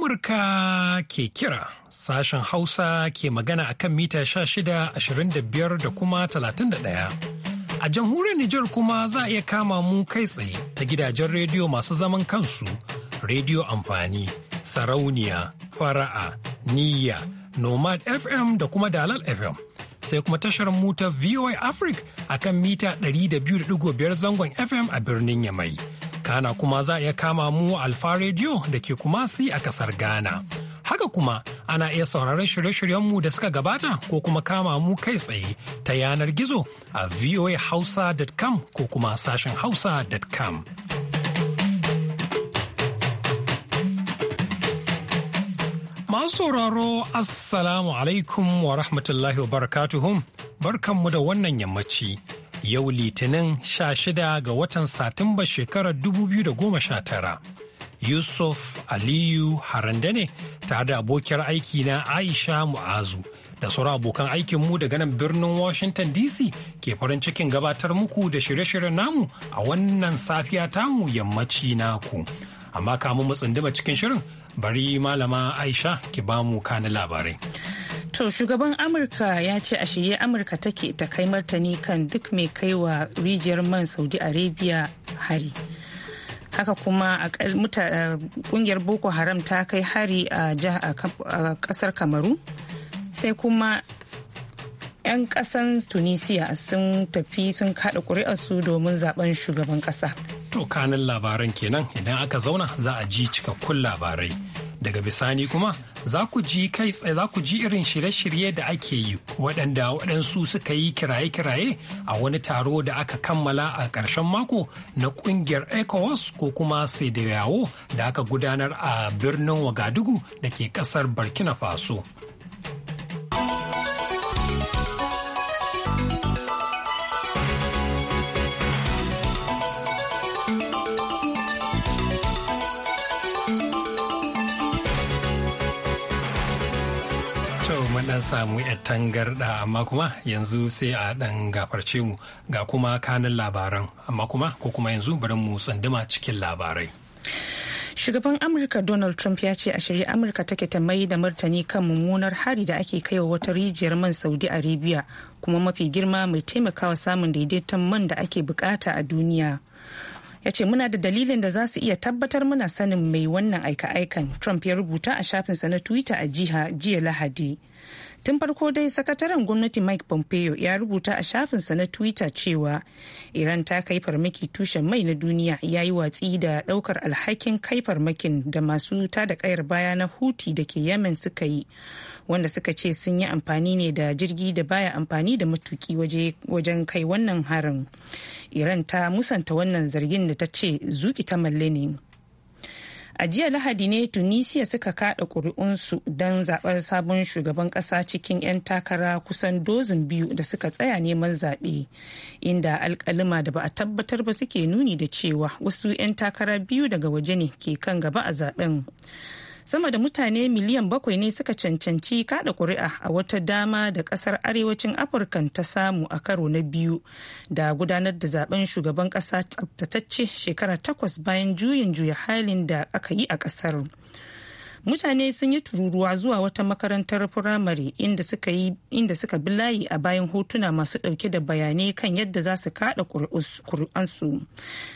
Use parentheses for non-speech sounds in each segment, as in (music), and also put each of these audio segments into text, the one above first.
Amurka ke kira sashen Hausa ke magana a kan mita 1625 da kuma 31. A jamhuriyar Nijar kuma za a iya kama mu kai tsaye ta gidajen rediyo masu zaman kansu, rediyo amfani, sarauniya, fara'a, niyya, nomad FM da kuma dalal FM. Sai kuma tashar mutar VOA Africa a kan mita 200.5 zangon FM a birnin Yamai. Kana kuma za a iya kama mu Alfa Radio da ke Kumasi a kasar Ghana. Haka kuma ana iya sauraron shirye-shiryenmu da suka gabata ko kuma kama mu kai tsaye ta yanar gizo a voahausa.com ko kuma sashen hausa.com. Masu sauraro Assalamu alaikum wa rahmatullahi wa barakatuhum barkanmu da wannan yammaci. yau litinin 16 ga watan satumba shekarar 2019 yusuf aliyu haranda ne tare da abokiyar aiki na aisha mu'azu da sauran abokan aikinmu daga nan birnin washington dc ke farin cikin gabatar muku da shirye-shiryen namu a wannan safiya tamu yammaci naku amma kamun mu tsunduma cikin shirin bari malama aisha ki bamu kani labarai To shugaban Amurka ya ce a shirye Amurka take ta kai martani kan duk mai kaiwa rijiyar man Saudi Arabia hari. Haka kuma kungiyar eh, Boko Haram ta kai hari a kasar Kamaru. Sai kuma 'yan kasan Tunisia sun tafi sun kada ƙuri'arsu domin zaben shugaban ƙasa. To kanin labaran kenan idan aka zauna za a ji cikakkun labarai. daga bisani kuma za ku ji kai za ku ji irin shirye-shirye da ake yi waɗanda waɗansu suka yi kiraye-kiraye a wani taro da aka kammala a ƙarshen mako na ƙungiyar ecowas ko kuma yawo da aka gudanar a birnin wagadugu da ke ƙasar burkina faso an samu yar tangarda amma kuma yanzu sai a dan gafarce mu ga kuma kanin labaran amma kuma ko kuma yanzu bari mu tsanduma cikin labarai shugaban amurka donald trump ya ce a shirye amurka take ta mai da martani kan mummunar hari da ake kaiwa wata rijiyar man saudi arabia kuma mafi girma mai taimakawa samun daidaiton man da ake bukata a duniya ya ce muna da dalilin da za su iya tabbatar muna sanin mai wannan aika-aikan trump ya rubuta a shafinsa na twitter a jiha jiya lahadi tun farko dai sakataren gwamnati mike pompeo ya rubuta a shafinsa na twitter cewa iran ta kai farmaki tushen mai na duniya ya yi watsi da daukar alhakin kai farmakin da masu ta da kayar baya na huti da ke yamen suka yi wanda suka ce sun yi amfani ne da jirgi da baya amfani da matuki wajen kai wannan harin iran ta musanta wannan zargin da ta ce zuki ta malle ne a jiya lahadi ne tunisia suka kada ƙuri'unsu don zaɓar sabon shugaban ƙasa cikin 'yan takara kusan dozin biyu da suka tsaya neman zaɓe inda alƙalima da ba a tabbatar ba suke nuni da cewa wasu 'yan takara biyu daga waje ne ke kan gaba a zaɓen sama da mutane miliyan bakwai ne suka cancanci kada kuri'a a wata dama da kasar arewacin afirka ta samu a karo na biyu da gudanar da zaben shugaban kasa tsabtatacce shekara takwas bayan juyin juya halin da aka yi a kasar mutane sun yi tururuwa zuwa wata makarantar firamare inda suka bi layi a bayan hotuna masu dauke da bayanai kan yadda za su kada kur'ansu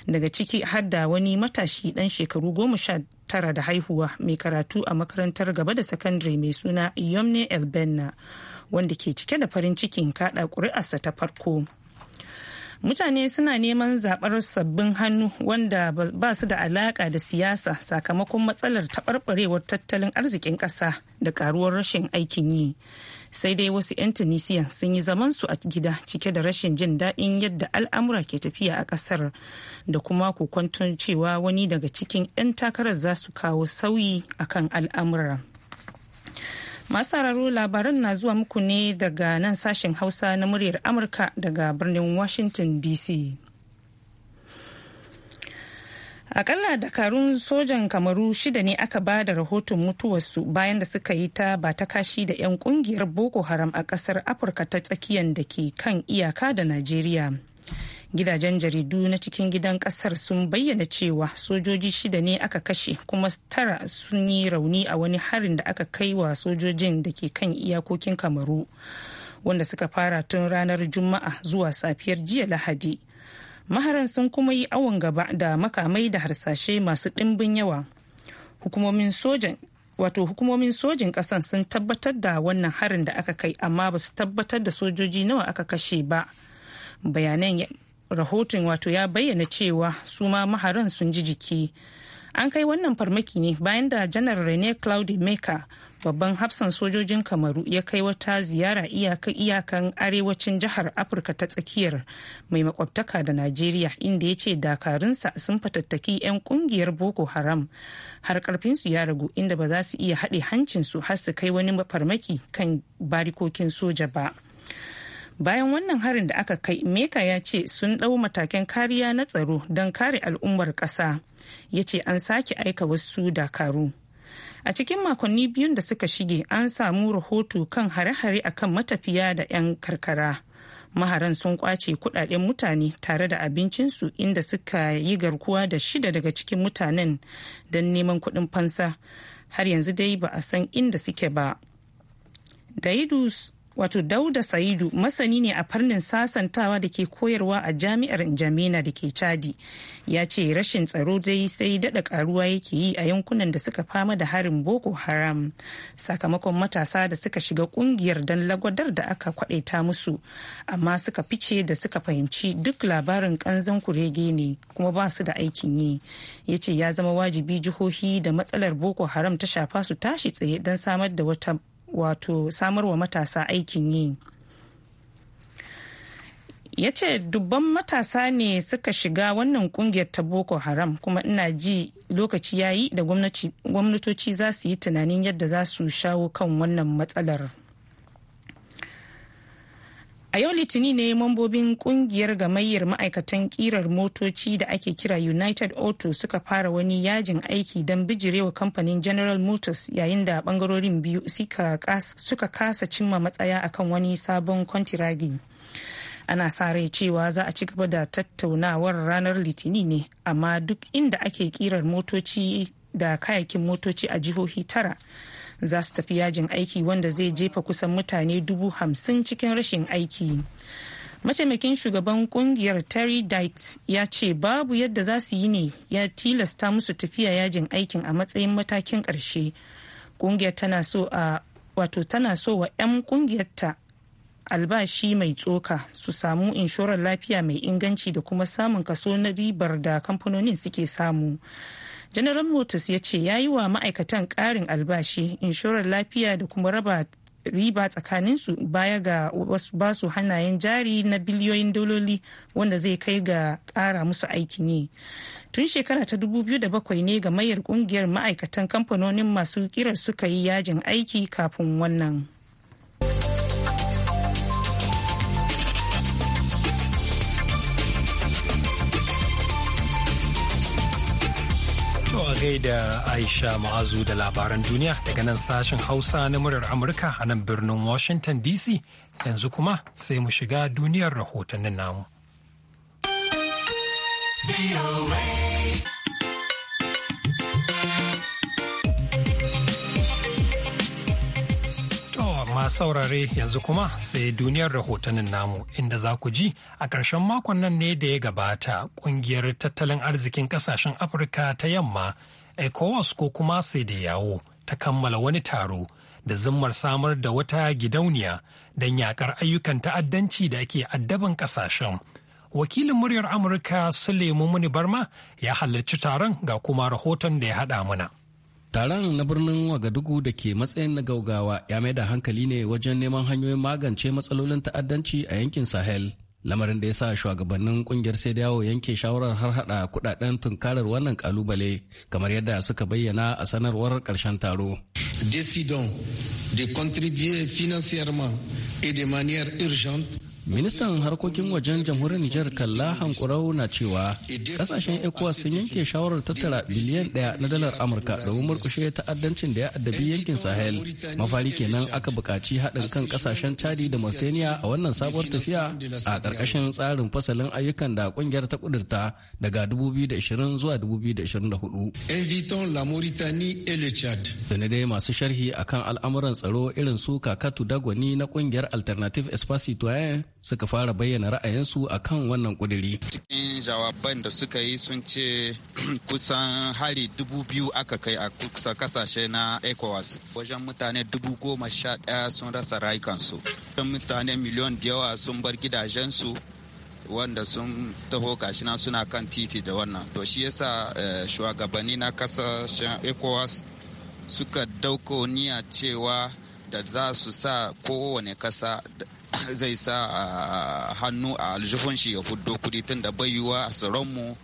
daga ciki har da wani matashi dan shekaru goma sha tara da haihuwa mai karatu a makarantar gaba da sakandare mai suna yomne elbenna wanda ke cike da farin cikin kada kuri'arsa ta farko mutane suna neman zaɓar sabbin hannu wanda ba su da alaƙa da siyasa sakamakon matsalar taɓarɓarewar tattalin arzikin ƙasa da ƙaruwar rashin aikin yi sai dai wasu 'yan tunisiya sun yi zaman su a gida cike da rashin jin daɗin yadda al'amura ke tafiya a ƙasar da kuma kokwanton cewa wani daga cikin 'yan takarar za su kawo sauyi akan al'amura. Masu sauraro labaran na zuwa muku ne daga nan sashen Hausa na muryar Amurka daga birnin Washington DC. Akalla dakarun sojan kamaru shida ne aka ba da rahoton mutuwarsu bayan da suka yi ta ba ta kashi da 'yan kungiyar Boko Haram a kasar Afirka ta tsakiyan da ke kan iyaka da Najeriya. gidajen jaridu na cikin gidan kasar sun bayyana cewa sojoji shida ne aka kashe kuma tara sun yi rauni a wani harin da aka kai wa sojojin da ke kan iyakokin kamaru wanda suka fara tun ranar juma'a zuwa safiyar jiya lahadi maharan sun kuma yi awon gaba da makamai da harsashe masu ɗimbin yawa hukumomin sojan wato hukumomin sojin ƙasan sun tabbatar da wannan harin da aka kai amma ba su tabbatar da sojoji nawa aka kashe ba bayanan rahoton wato ya bayyana cewa su ma maharan sun ji jiki an kai wannan farmaki ne bayan da janar rene claudi meka babban hafsan sojojin kamaru ya kai wata ziyara iyakan arewacin jihar afirka ta tsakiyar mai makwabtaka da najeriya inda ya ce dakarunsa sun fatattaki 'yan kungiyar boko haram har karfinsu ya ragu inda ba za su iya haɗe hancinsu har su kai wani farmaki kan barikokin soja ba. bayan wannan harin da aka kai meka ya ce sun ɗau matakan kariya na tsaro don kare al'ummar ƙasa ya ce an sake aika wasu dakaru a cikin makonni biyun da suka shige an samu rahoto kan hare-hare akan matafiya da 'yan karkara maharan sun kwace kudaden mutane tare da abincinsu inda suka yi garkuwa da shida daga cikin mutanen don neman kuɗin fansa har yanzu dai ba a san inda suke ba wato dauda saidu masani ne a farnin sasantawa da ke koyarwa a jami'ar njamena da ke chadi ya ce rashin tsaro dai sai daɗa karuwa yake yi a yankunan da suka fama da harin boko haram sakamakon matasa da suka shiga kungiyar don lagwadar da aka kwadaita musu amma suka fice da suka fahimci duk labarin kanzan kurege ne kuma ba su da aikin yi ya ce ya zama wajibi jihohi da matsalar boko haram ta shafa su tashi tsaye don samar da wata wato samarwa matasa aikin yi ya ce dubban matasa ne suka shiga wannan kungiyar ta boko haram kuma ina ji lokaci yayi da gwamnatoci za su yi tunanin yadda za su shawo kan wannan matsalar. A yau Litinin ne mambobin kungiyar gamayyar ma'aikatan kirar motoci da ake kira United Auto suka fara wani yajin aiki don bijirewa kamfanin General Motors yayin da bangarorin biyu suka kasa cimma matsaya akan wani sabon kwantiragi. Ana sa rai cewa za a ci gaba da tattaunawar ranar litini ne, amma duk inda ake kirar motoci da kayakin motoci a jihohi tara. za su tafi yajin aiki wanda zai jefa kusan mutane dubu hamsin cikin rashin aiki mataimakin shugaban kungiyar terry dykes ya ce babu yadda za su yi ne ya tilasta musu tafiya yajin aikin a matsayin matakin ƙarshe kungiyar tana so a wato tana so wa 'yan kungiyarta albashi mai tsoka su samu inshorar lafiya mai inganci da kuma samun kaso na ribar da kamfanonin suke samu general motors ya ce ya yi wa ma'aikatan ƙarin albashi inshorar lafiya da kuma raba riba tsakaninsu baya ga wasu basu hannayen jari na biliyoyin daloli wanda zai kai ga ƙara musu aiki ne tun shekara ta 2007 ne ga mayar kungiyar ma'aikatan kamfanonin masu kirar suka yi yajin aiki kafin wannan a gaida Aisha Ma'azu da labaran duniya daga nan sashen Hausa na murar Amurka a nan birnin Washington DC yanzu kuma sai mu shiga duniyar rahotannin namu. saurare yanzu kuma sai duniyar rahotannin namu inda za ku ji a ƙarshen makon nan ne da ya gabata ƙungiyar tattalin arzikin ƙasashen afirka ta yamma ecowas ko kuma sai da yawo ta kammala wani taro da zimmar samar da wata gidauniya don yakar ayyukan ta'addanci da ake addaban ƙasashen wakilin muryar amurka sulemu muni barma ya halarci taron ga kuma rahoton da ya haɗa mana. Taron na birnin Wagadugu da ke matsayin na gaugawa ya mai da hankali ne wajen neman hanyoyin magance matsalolin ta'addanci a yankin Sahel. Lamarin da ya sa shugabannin kungiyar sai yawo yanke shawarar har hada kudaden tunkarar wannan kalubale kamar yadda suka bayyana a sanarwar karshen taro. Decidons de contribuer financièrement et de manière urgente ministan harkokin wajen jamhuriyar nijar kalla hankurau na cewa kasashen ecowas sun yanke shawarar tattara biliyan daya na dalar amurka domin murkushe ta'addancin da ya addabi yankin sahel mafari kenan aka buƙaci haɗin kan kasashen chadi da mauritania a wannan sabuwar tafiya a ƙarƙashin tsarin fasalin ayyukan da ƙungiyar ta ƙudurta daga 2020 zuwa 2024 da dai masu sharhi akan al'amuran tsaro irin su kakatu dagwani na ƙungiyar alternative espacitoyen suka fara bayyana ra'ayinsu a kan wannan kuduri. Cikin jawaban da suka yi sun ce (clears throat) kusan hari dubu biyu aka kai a kusa kasashe na ECOWAS. Wajen mutane dubu goma sha daya sun rasa rayukansu. Mutane miliyon da yawa sun bar gidajensu wanda sun taho kashina suna kan titi da wannan. To shi yasa eh, shugabanni na kasashen ECOWAS suka dauko niyya cewa da za su sa kowane kasa zai sa hannu a aljihun shi ya fuddo kudi tun da bayuwa a tsaronmu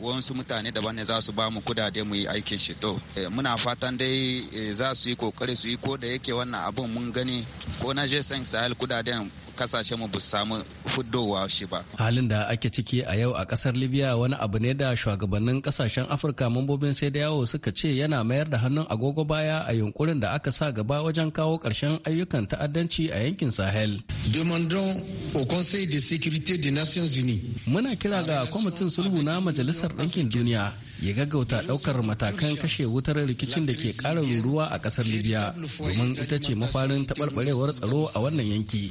wasu mutane daban ne za su ba mu kudade mu yi aikin shi to eh, muna fatan dai eh, za su yi kokari su yi ko da yake wannan abin mun gani ko na je sahel kudaden kasashen mu ba samu fuddowa shi ba halin da ake ciki a yau a kasar libya wani abu ne da shugabannin kasashen afirka mambobin sai da yawo suka ce yana mayar da hannun agogo baya a yunkurin da aka sa gaba wajen kawo ƙarshen ayyukan ta'addanci a yankin sahel demandons au conseil de sécurité des nations unies muna kira ga kwamitin sulhu na majalisar ɗinkin duniya ya gaggauta daukar matakan kashe wutar rikicin da ke kara ruruwa a kasar libya domin ita ce mafarin taɓarɓarewar tsaro a wannan yanki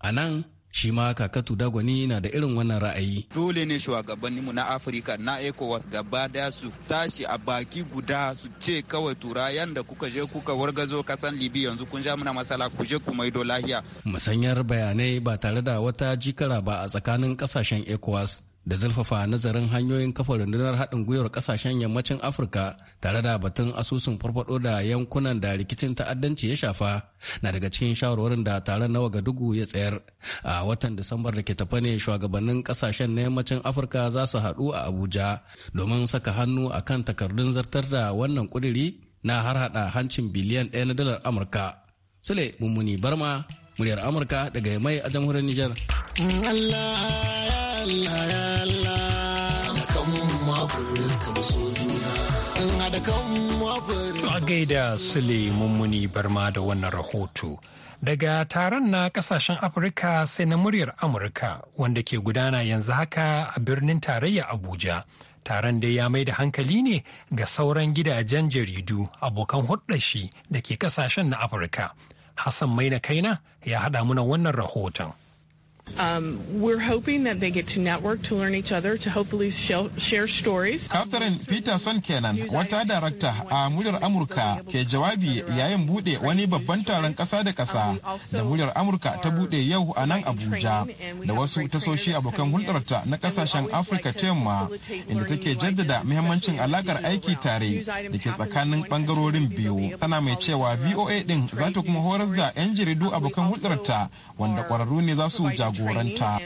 a nan shi ma kakatu dagwani na da irin wannan ra'ayi. Dole ne shugabanninmu na Afirka na ECOWAS gaba daya su tashi a baki guda su ce kawai tura yanda kuka je kuka wargazo kasan Libya yanzu kun ja muna masala ku je ku maido lahiya. Musanyar bayanai ba tare da wata jikara ba a tsakanin kasashen ECOWAS da zurfafa nazarin hanyoyin kafa rundunar haɗin gwiwar ƙasashen yammacin afirka tare da batun asusun farfado da yankunan da rikicin ta'addanci ya shafa na daga cikin shawarwarin da taron na wagadugu ya tsayar a watan disambar da ke tafa ne shugabannin ƙasashen na yammacin afirka za su haɗu a abuja domin saka hannu a kan takardun zartar da wannan ƙuduri na har hada hancin biliyan ɗaya na dalar amurka sule mummuni barma muryar amurka daga mai a jamhuriyar Nijar. Mm, To a gaida Sule Mummuni Barma da wannan rahoto. Daga taron na kasashen Afirka sai na muryar Amurka wanda ke gudana yanzu haka a birnin tarayya Abuja. Taron dai ya mai da hankali ne ga sauran gidajen jaridu abokan shi da ke kasashen na Afirka. Hassan Maina Kaina ya haɗa muna wannan rahoton. Um, we're hoping that they get to network to learn each other to hopefully share, share stories. Catherine Peterson kenan wata darakta a muryar Amurka ke jawabi yayin bude wani babban taron kasa da kasa da muryar Amurka ta bude yau a nan Abuja da wasu tasoshi abokan hulɗarta na kasashen Afirka ta yamma inda take jaddada muhimmancin alakar aiki tare da ke tsakanin bangarorin biyu. Tana mai cewa VOA din za ta kuma horas da 'yan jaridu abokan hulɗarta wanda kwararru ne za su jagoranta.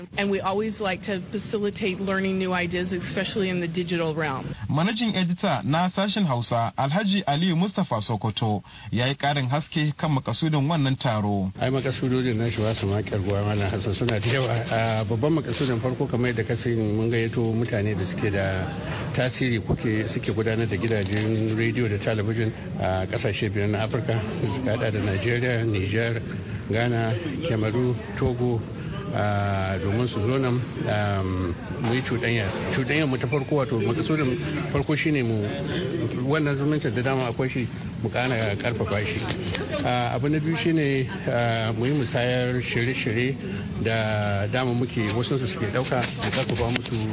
Manajin edita na sashen Hausa Alhaji Aliyu Mustapha Sokoto ya yi ƙarin haske kan makasudin wannan taro. Ai makasudodin na shiwa su makar guwa mana Hassan suna da yawa. Babban makasudin farko kamar yadda kasin mun gayyato mutane da suke da tasiri kuke suke gudanar da gidajen rediyo da talabijin a kasashe biyar na Afirka. Suka da Najeriya, Nijar, Ghana, Kemaru, Togo, domin su zo nan um, mu yi cuɗanya cuɗanya mu ta farko wato da farko shine mu wannan zumuncin da dama akwai shi mu kana karfafa shi abu na biyu shine mu yi musayar shirye-shirye da dama muke wasu su suke dauka mu karfafa musu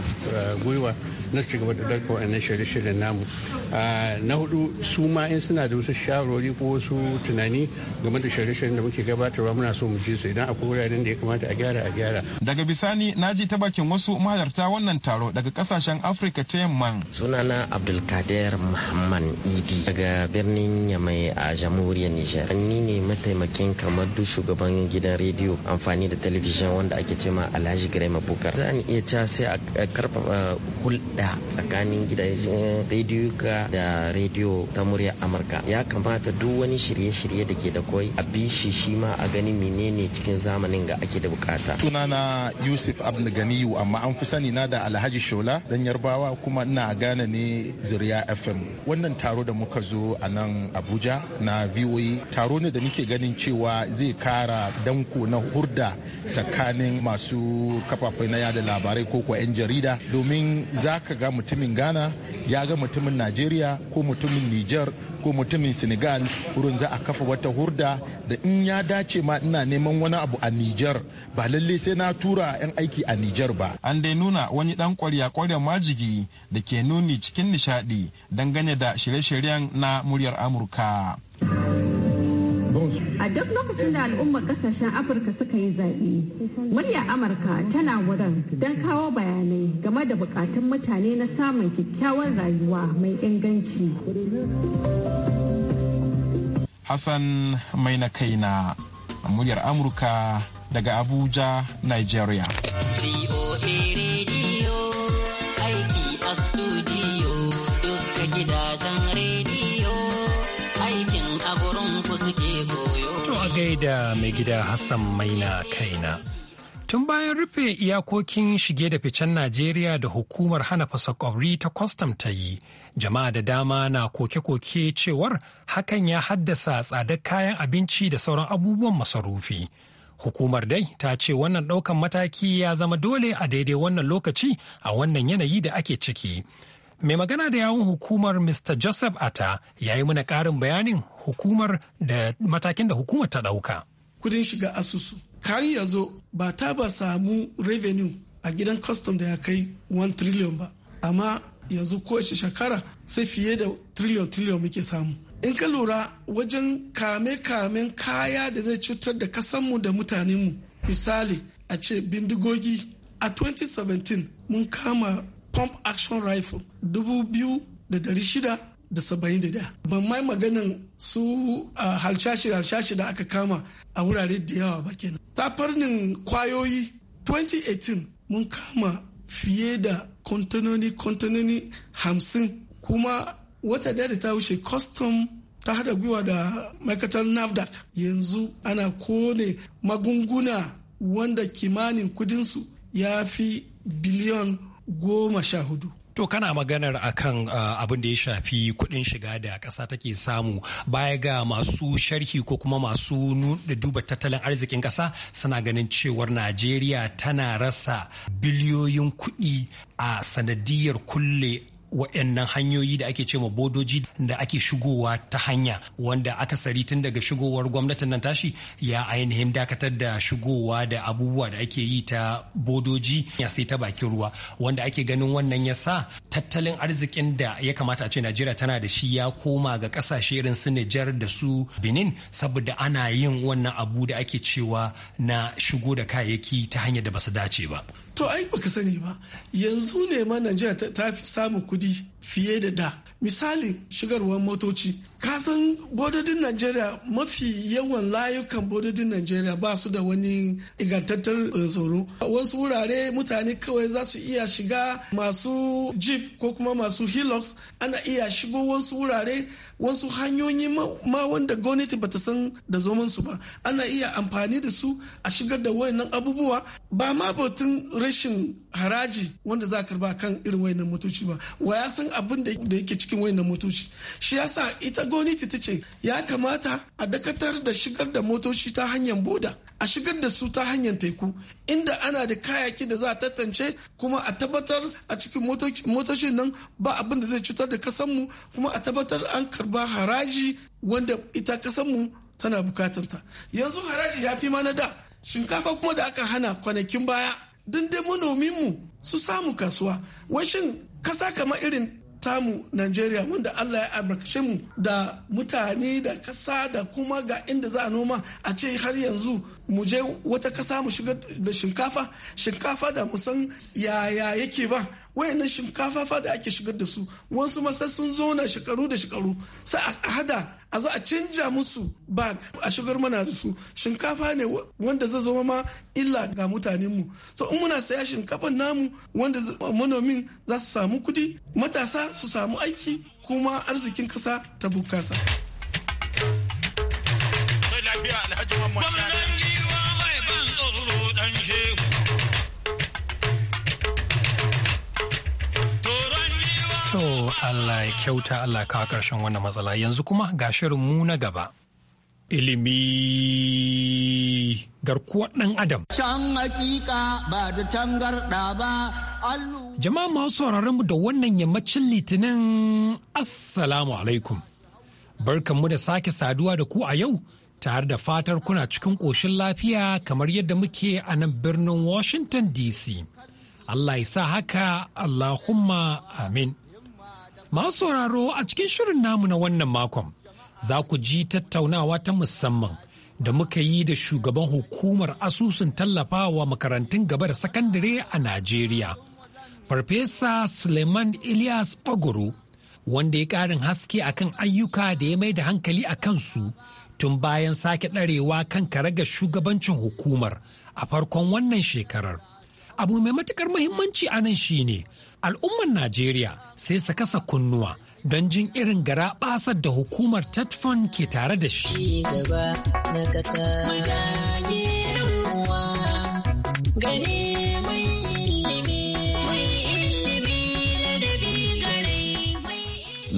gwiwa na su gaba da dauka wannan shirye-shiryen namu na hudu su ma in suna da wasu shawarwari ko wasu tunani game da shirye-shiryen da muke gabatarwa muna so mu je su idan akwai wuraren da ya kamata a gyara a gyara. Daga bisani na ji ta bakin wasu mahalarta wannan taro daga kasashen Afirka ta yamma. Sunana Abdulkader Muhammad Idi daga birnin Yamai a jamhuriyar Nijar. Ni ne mataimakin kamadu shugaban gidan rediyo amfani da talabijin wanda ake cema Alhaji Girma Bukar. Za ni iya cewa sai a karfafa hulɗa tsakanin gidajen rediyo da rediyo ta murya Amurka. Ya kamata duk wani shirye-shirye da ke da koi a bi shi shi ma a gani menene cikin zamanin ga ake da bukata sunana yusuf abdulganiyu amma an fi sani na da alhaji shola dan yarbawa kuma ina gane ne zuriya fm wannan taro da muka zo a nan abuja na voa e, taro ne da nake ganin cewa zai kara danko na hurda tsakanin masu kafafai na yada labarai ko kuwa 'yan jarida domin za ka ga mutumin ghana ya ga mutumin najeriya ko mutumin niger ko mutumin senegal wurin za a kafa wata hurda da in ya dace ma ina neman wani abu a Nijar ba lalle sai na tura 'yan aiki a Nijar ba an dai nuna wani dan kwarya kwarya majigi da ke nuni cikin nishadi dangane da shirye-shiryen na muryar amurka A duk lokacin da al'ummar kasashen Afirka suka yi zaɓe, muryar Amurka tana wurin don kawo bayanai game da bukatun mutane na samun kyakkyawar rayuwa mai inganci. Hassan mai na kai kaina muryar Amurka daga Abuja, Nigeria. kai da mai gida Hassan Maina kaina. Tun bayan rufe iyakokin shige da ficen Najeriya da hukumar hana fasakwari ta kwastam ta yi, jama'a da dama na koke-koke cewar hakan ya haddasa tsadar kayan abinci da sauran abubuwan masarufi. Hukumar dai ta ce wannan ɗaukan mataki ya zama dole a daidai wannan lokaci a wannan yanayi da ake ciki. Mai magana da yawun hukumar Mr. Joseph Atta ya yi mana ƙarin bayanin hukumar da matakin da hukumar ta ɗauka. Kudin shiga asusu. Kayan ya zo ba ta ba samu revenue a gidan custom da ya kai 1 trillion ba. Amma yanzu ko kowace shekara sai fiye da trillion trillion muke samu. In ka lura wajen kame-kamen kaya da zai cutar da kasanmu da mutanenmu. Misali a ce bindigogi a 2017 mun kama pump action rifle dubu biyu da dari shida da saba'in da da ban mai maganin su a halshashi halshashi da aka kama a wurare da yawa ba kenan ta farnin kwayoyi 2018 mun kama fiye da kontanoni kontanoni hamsin kuma wata da ta wuce custom ta hada gwiwa da ma'aikatar nafdac yanzu ana kone magunguna wanda kimanin kudinsu ya fi biliyon goma sha hudu To kana maganar akan ah, abin da ya shafi kuɗin shiga da ƙasa take samu baya ga masu sharhi ko kuma masu duba tattalin arzikin ƙasa suna ganin cewar Najeriya tana rasa biliyoyin kuɗi a sanadiyar kulle waɗannan hanyoyi da ake cewa bodoji da ake shigowa ta hanya wanda aka sari tun daga shigowar gwamnatin nan tashi ya ainihin dakatar da shigowa da abubuwa da ake yi ta bodoji ya sai ta bakin ruwa wanda ake ganin wannan ya sa tattalin arzikin da ya kamata a ce najeriya tana da shi ya koma ga kasashe irin su nijar da su benin saboda ana yin wannan abu da ake cewa na shigo da kayayyaki ta hanyar da basu dace ba to ai baka sani ba yanzu ne ma najeriya ta fi samun kudi fiye da da misali shigarwa motoci kasan bododin najeriya mafi yawan layukan bododin najeriya ba su da wani igantattar eh, tsoro wasu wurare mutane kawai za su iya shiga masu jeep ko kuma masu hilux ana iya shigo wasu wurare wasu hanyoyi ma wanda gwamnati bata san da zoman su ba ana iya amfani da su a shigar da wayannan abubuwa ba ma batun rashin haraji wanda za karba kan irin wayannan motoci ba wa ya san abin da yake cikin wayannan motoci shi yasa ita gwamnati ta ce ya kamata a dakatar da shigar da motoci ta hanyar boda a shigar da su ta hanyar teku inda ana da kayaki da za a tantance kuma a tabbatar a cikin motocin nan ba abin da zai cutar da kasanmu kuma a tabbatar an karba haraji wanda ita kasanmu tana bukatanta yanzu haraji ya fi mana da shinkafa kuma da aka hana kwanakin baya dai manomin mu su samu kasuwa washin kasa kamar irin tamu Najeriya wanda Allah ya albarkace mu da mutane da kasa da kuma ga inda za a noma a ce har yanzu mu je wata kasa mu shiga da shinkafa shinkafa da musan yaya yake ba wayannan shinkafa fa da ake shigar da su wasu masa sun zauna shekaru da shekaru sai a hada a zo a canja musu bag a shigar mana da su shinkafa ne wanda zai zama ma illa ga mutanen mu so in muna saya shinkafan namu wanda manomin za su samu kudi matasa su samu aiki kuma arzikin kasa ta bukasa. Sai lafiya To Allah ya kyauta Allah ka ƙarshen wannan matsala yanzu kuma ga mu na gaba. Ilimi garkuwar ɗan Adam. Can hakika ba da tangarɗa ba, Jama'a masu sauraron mu da wannan yammacin litinin Assalamu alaikum. mu da sake saduwa da ku a yau tare da fatar kuna cikin ƙoshin lafiya kamar yadda muke a nan birnin Washington DC. Allah ya sa haka Allahumma amin. Masu sauraro a cikin shirin namu na wannan makon za ku ji tattaunawa ta musamman da muka yi da shugaban hukumar asusun tallafawa makarantun gaba da sakandare a Najeriya. Farfesa Suleiman Ilyas Bagoro wanda ya ƙarin haske akan ayyuka da ya mai da hankali a kansu tun bayan sake ɗarewa kan karagar shugabancin hukumar a farkon wannan shekarar. abu mai matukar muhimmanci a nan shine al'ummar najeriya sai su kasa kunnuwa don jin irin gara basar da hukumar tatfon ke tare da shi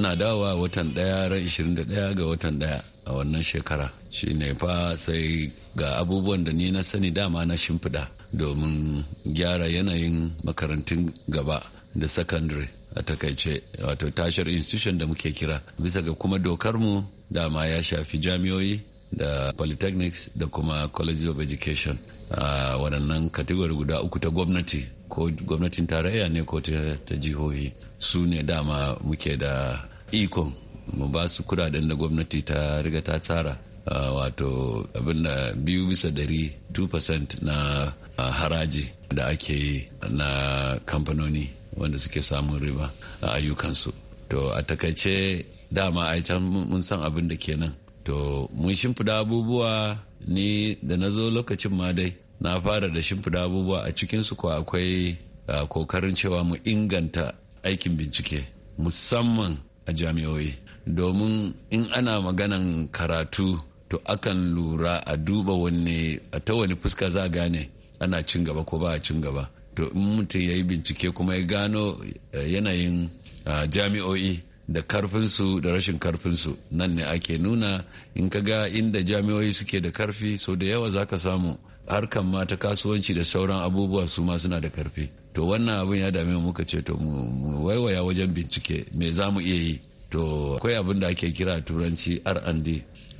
na dawa watan daya ran 21 ga watan daya a wannan shekara shine fa sai ga abubuwan da ni na sani dama na shimfiɗa domin gyara yanayin makarantun gaba da secondary a takaice wato tashar institution da muke kira bisa ga kuma dokar mu dama ya shafi jami'oyi da polytechnics da kuma college of education a wadannan waɗannan kategori guda uku ta gwamnati ko gwamnatin tarayya ne ko ta jihohi su ne dama muke da ikon mu ba su kudaden da gwamnati ta riga ta tsara Uh, wato da biyu bisa dari 2% na uh, haraji da ake yi na kamfanoni wanda suke samun riba a ayyukansu to a takaice dama a can mun san abin da kenan to mun shimfida abubuwa ni da na zo lokacin ma dai na fara da shimfida abubuwa a cikinsu ko akwai uh, kokarin cewa mu inganta aikin bincike musamman a jami'oi domin in ana maganan karatu to akan lura a duba wanne ta wani fuska za a gane ana cin gaba ko ba a cin gaba to in mutum ya yi bincike kuma ya gano eh, yanayin ah, jami'o'i da karfinsu da rashin karfinsu nan ne ake nuna in ka ga inda jami'o'i suke da karfi so da yawa za ka samu harkan ma ta kasuwanci da sauran abubuwa su ma suna da karfi to wannan abin ya dame muka ce to mu waiwaya wajen bincike me za mu iya yi to akwai abin da ake kira turanci r&d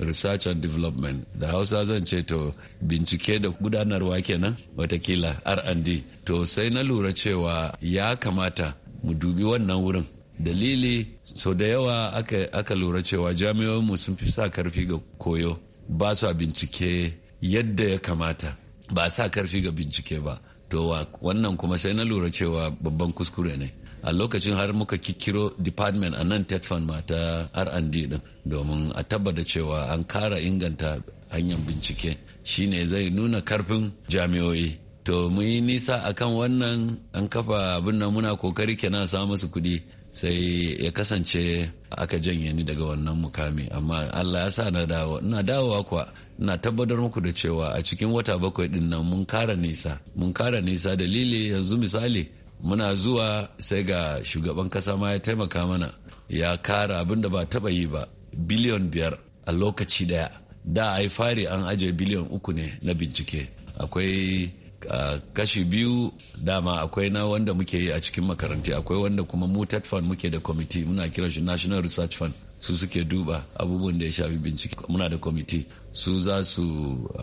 research and development da hausa zan ce to bincike da gudanarwa kenan watakila r&d to sai na lura cewa ya kamata mu dubi wannan wurin dalili sau da yawa aka, aka lura cewa jami'o'inmu sun fi sa karfi ga koyo ba su bincike yadda ya kamata ba sa karfi ga bincike ba to wannan kuma sai na lura cewa babban kuskure ne a lokacin har muka kikiro department a nan tetfan ma ta r&d din domin a tabbata cewa an kara inganta hanyar bincike shine zai nuna karfin jami'oi to mu yi nisa akan wannan an kafa abin nan muna kokari kenan sa musu kuɗi sai ya kasance aka janye ni daga wannan mukami amma allah ya sa na dawo ina dawowa kuwa ina tabbatar muku da cewa a cikin wata bakwai din mun kara nisa mun kara nisa dalili yanzu misali muna zuwa sai ga shugaban kasa ma ya taimaka mana ya kara abin da ba taba yi ba biliyon biyar a lokaci daya da ai fari an ajiye biliyon uku ne na bincike akwai kashi biyu dama akwai na wanda muke yi a cikin makaranti akwai wanda kuma mutat fund muke da kwamiti muna kiran shi national research fund su suke duba abubuwan da ya shafi bincike muna da kwamiti su za su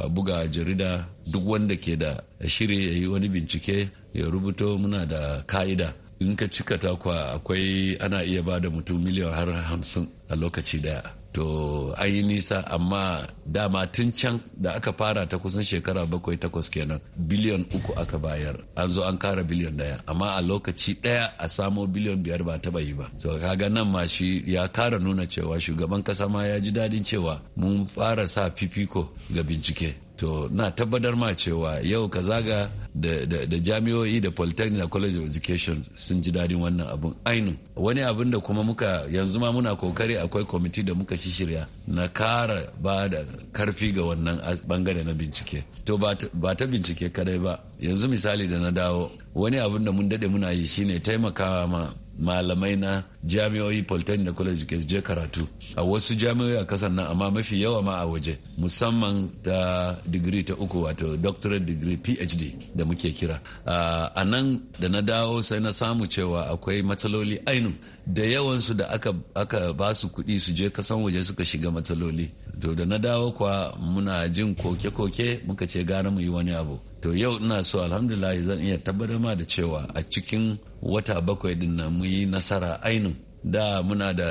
buga jarida duk wanda ke da shiri ya yi wani bincike ya rubuto muna da ka'ida in ka cika takwa akwai ana iya ba da mutum miliyan har hamsin a lokaci daya to an yi nisa amma dama tun can da aka fara ta kusan shekara bakwai takwas kenan biliyan uku aka bayar an zo an kara biliyan daya amma a lokaci daya a samo biliyan biyar ba taba yi ba so kaga nan ma shi ya kara nuna cewa shugaban kasa ma ya ji dadin cewa mun fara sa fifiko ga bincike to na tabbatar ma cewa yau ka zaga da jami'o'i da polytechnic da college of education sun ji daɗin wannan abun ainu wani abin da kuma muka yanzu ma muna kokari akwai kwamiti da muka shirya na kara ba da karfi ga wannan bangare na bincike to ba ta bincike kadai ba yanzu misali da na dawo wani abin da mun daɗe muna yi shine taimakawa ma malamai na jami'o'i polytechnic college ke je karatu a wasu jami'o'i a kasar nan amma mafi yawa ma a waje musamman ta digiri ta uku wato doctorate degree phd da muke kira a nan da na dawo sai na samu cewa akwai matsaloli ainu da yawansu da aka, aka ba su kuɗi su je kasan waje suka shiga matsaloli to da na dawo kwa muna jin koke-koke muka ce gara mu yi wani abu to yau ina so alhamdulillah zan iya tabbatar ma da cewa a cikin wata bakwai din na mu yi nasara ainun da muna da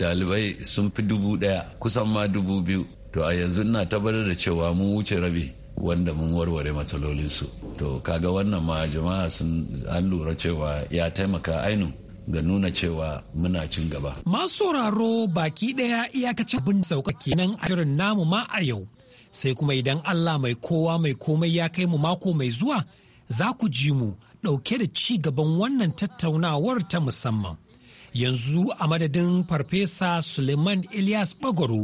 dalibai sun fi dubu daya kusan ma dubu biyu to a yanzu ina tabbatar da cewa mu wuce rabi wanda mun warware matsalolinsu to kaga wannan ma jama'a sun an lura cewa ya taimaka ainun ga nuna cewa muna cin gaba. Masu sauraro baki ɗaya iyakacin abin sauka kenan a shirin namu ma a yau. Sai kuma idan Allah mai kowa mai komai ya kai mu mako mai zuwa za ku ji mu ɗauke da ci gaban wannan tattaunawar ta musamman. Yanzu a madadin Farfesa Suleiman Ilyas Bagoro,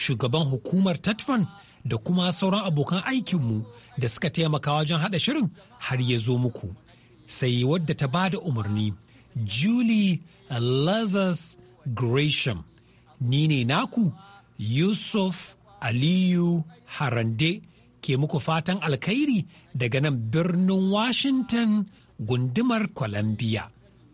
shugaban hukumar Tatfan da kuma sauran abokan aikinmu da suka taimaka wajen haɗa shirin har ya zo muku. Sai wadda ta ba da umarni. Julie Lazarus Gresham. Ni ne naku Yusuf Aliyu Harande ke muku fatan alkhairi daga nan birnin Washington gundumar Columbia.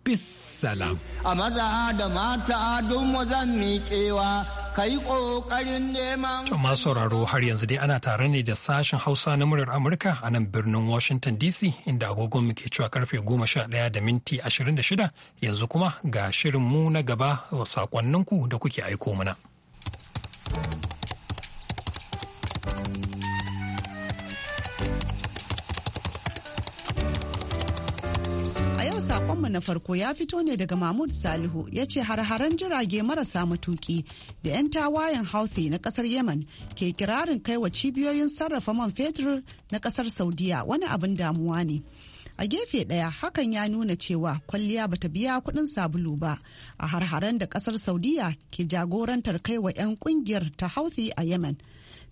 Bis salam. A maza da mata don mu zan miƙewa ka yi ƙoƙarin neman. To masu sauraro har yanzu dai ana tare ne da sashen Hausa na muryar Amurka a nan birnin Washington DC inda agogon muke cewa karfe goma sha ɗaya da minti ashirin da shida yanzu kuma ga shirin mu na gaba sakonninku da kuke aiko mana. mu na farko ya fito ne daga Mahmud Salihu ya ce harharen jirage marasa matuki da 'yan tawayen haufi na kasar Yemen ke kirarin kaiwa cibiyoyin sarrafa man fetur na kasar Saudiya wani abin damuwa ne. a gefe ɗaya hakan ya nuna cewa kwalliya bata biya kuɗin sabulu ba a harharen da kasar saudiya ke jagorantar kaiwa 'yan ƙungiyar ta haufi a yemen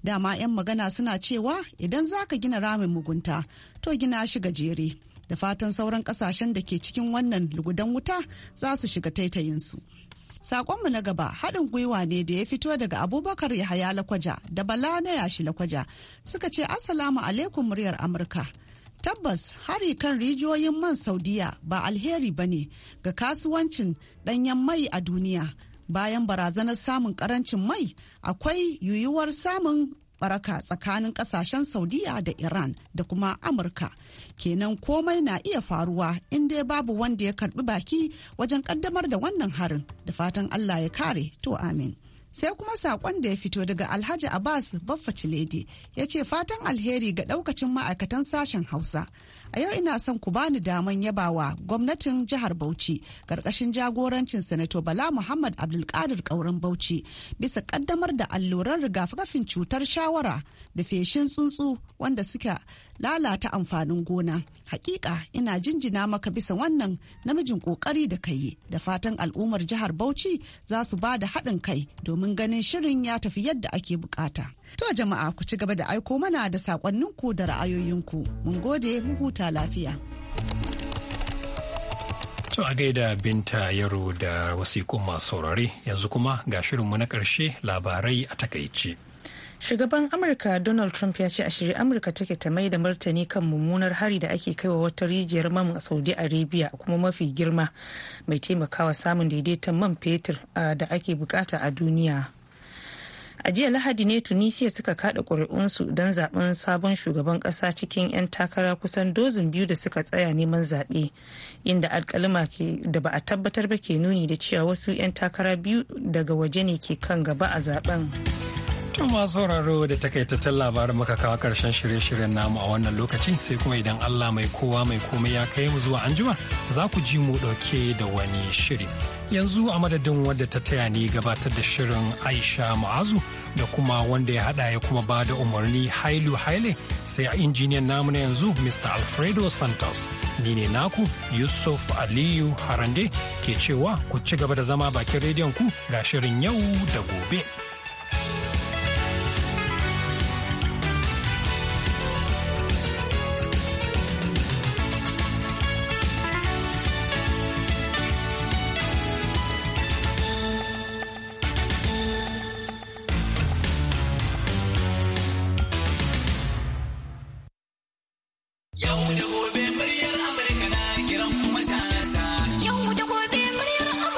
dama 'yan magana suna cewa idan za ka gina ramin mugunta to gina shi gajere da fatan sauran kasashen da ke cikin wannan lugudan wuta za su shiga taitayin su. Sakonmu na gaba haɗin gwiwa ne da ya fito daga Abubakar Yahaya Lakwaja da Bala na yashi Lakwaja suka ce Assalamu alaikum muryar Amurka. Tabbas hari kan rijiyoyin man Saudiya ba alheri ba ne ga kasuwancin ɗanyen mai a duniya. Bayan barazanar samun ƙarancin mai akwai yuyuwar samun baraka tsakanin kasashen saudiya da iran da kuma amurka kenan komai na iya faruwa in dai babu wanda ya karbi baki wajen kaddamar da wannan harin da fatan allah ya kare to amin sai kuma sakon da ya fito daga alhaji abbas baffa ciledi ya ce fatan alheri ga daukacin ma'aikatan sashen hausa a yau ina son ku bani daman yabawa gwamnatin jihar bauchi karkashin jagorancin sanato bala muhammad abdulkadir kaurin bauchi bisa kaddamar da alluran rigakafin cutar shawara da feshin tsuntsu wanda suka lalata amfanin gona hakika ina jinjina maka bisa wannan namijin kokari da kai da fatan al'ummar jihar bauchi za su ba da haɗin kai domin domin ganin shirin ya tafi yadda ake bukata. To jama'a ku ci gaba da aiko mana da saƙonninku da ra'ayoyinku. Mun gode mu huta lafiya. To a gaida binta yaro da wasiƙun masu saurare yanzu kuma ga shirinmu na ƙarshe labarai a takaice. shugaban amurka donald trump ya ce a shirye amurka take ta mai da martani kan mummunar hari da ake kaiwa wata rijiyar man a saudi arabia kuma mafi girma mai taimakawa samun daidaiton man fetur da ake bukata a duniya a jiya lahadi ne tunisia suka kada ƙuri'unsu don zaben sabon shugaban ƙasa cikin 'yan takara kusan dozin biyu da suka tsaya neman zaɓe inda alkalima da ba a tabbatar ba ke nuni da cewa wasu 'yan takara biyu daga waje ne ke kan gaba a zaben. masu sauraro da takaitattun labarin muka kawo karshen shirye-shiryen namu a wannan lokacin sai kuma idan Allah mai kowa mai komai ya kai mu zuwa anjima za ku ji mu ɗauke da wani shiri. Yanzu a madadin wanda ta taya ni gabatar da shirin Aisha ma'azu da kuma wanda ya hada ya kuma ba da umarni Hailu Haile sai a injiniyan namu na yanzu Mr. Alfredo Santos. Ni ne naku Yusuf Aliyu Harande ke cewa ku ci gaba da zama bakin rediyon ku ga shirin yau da gobe.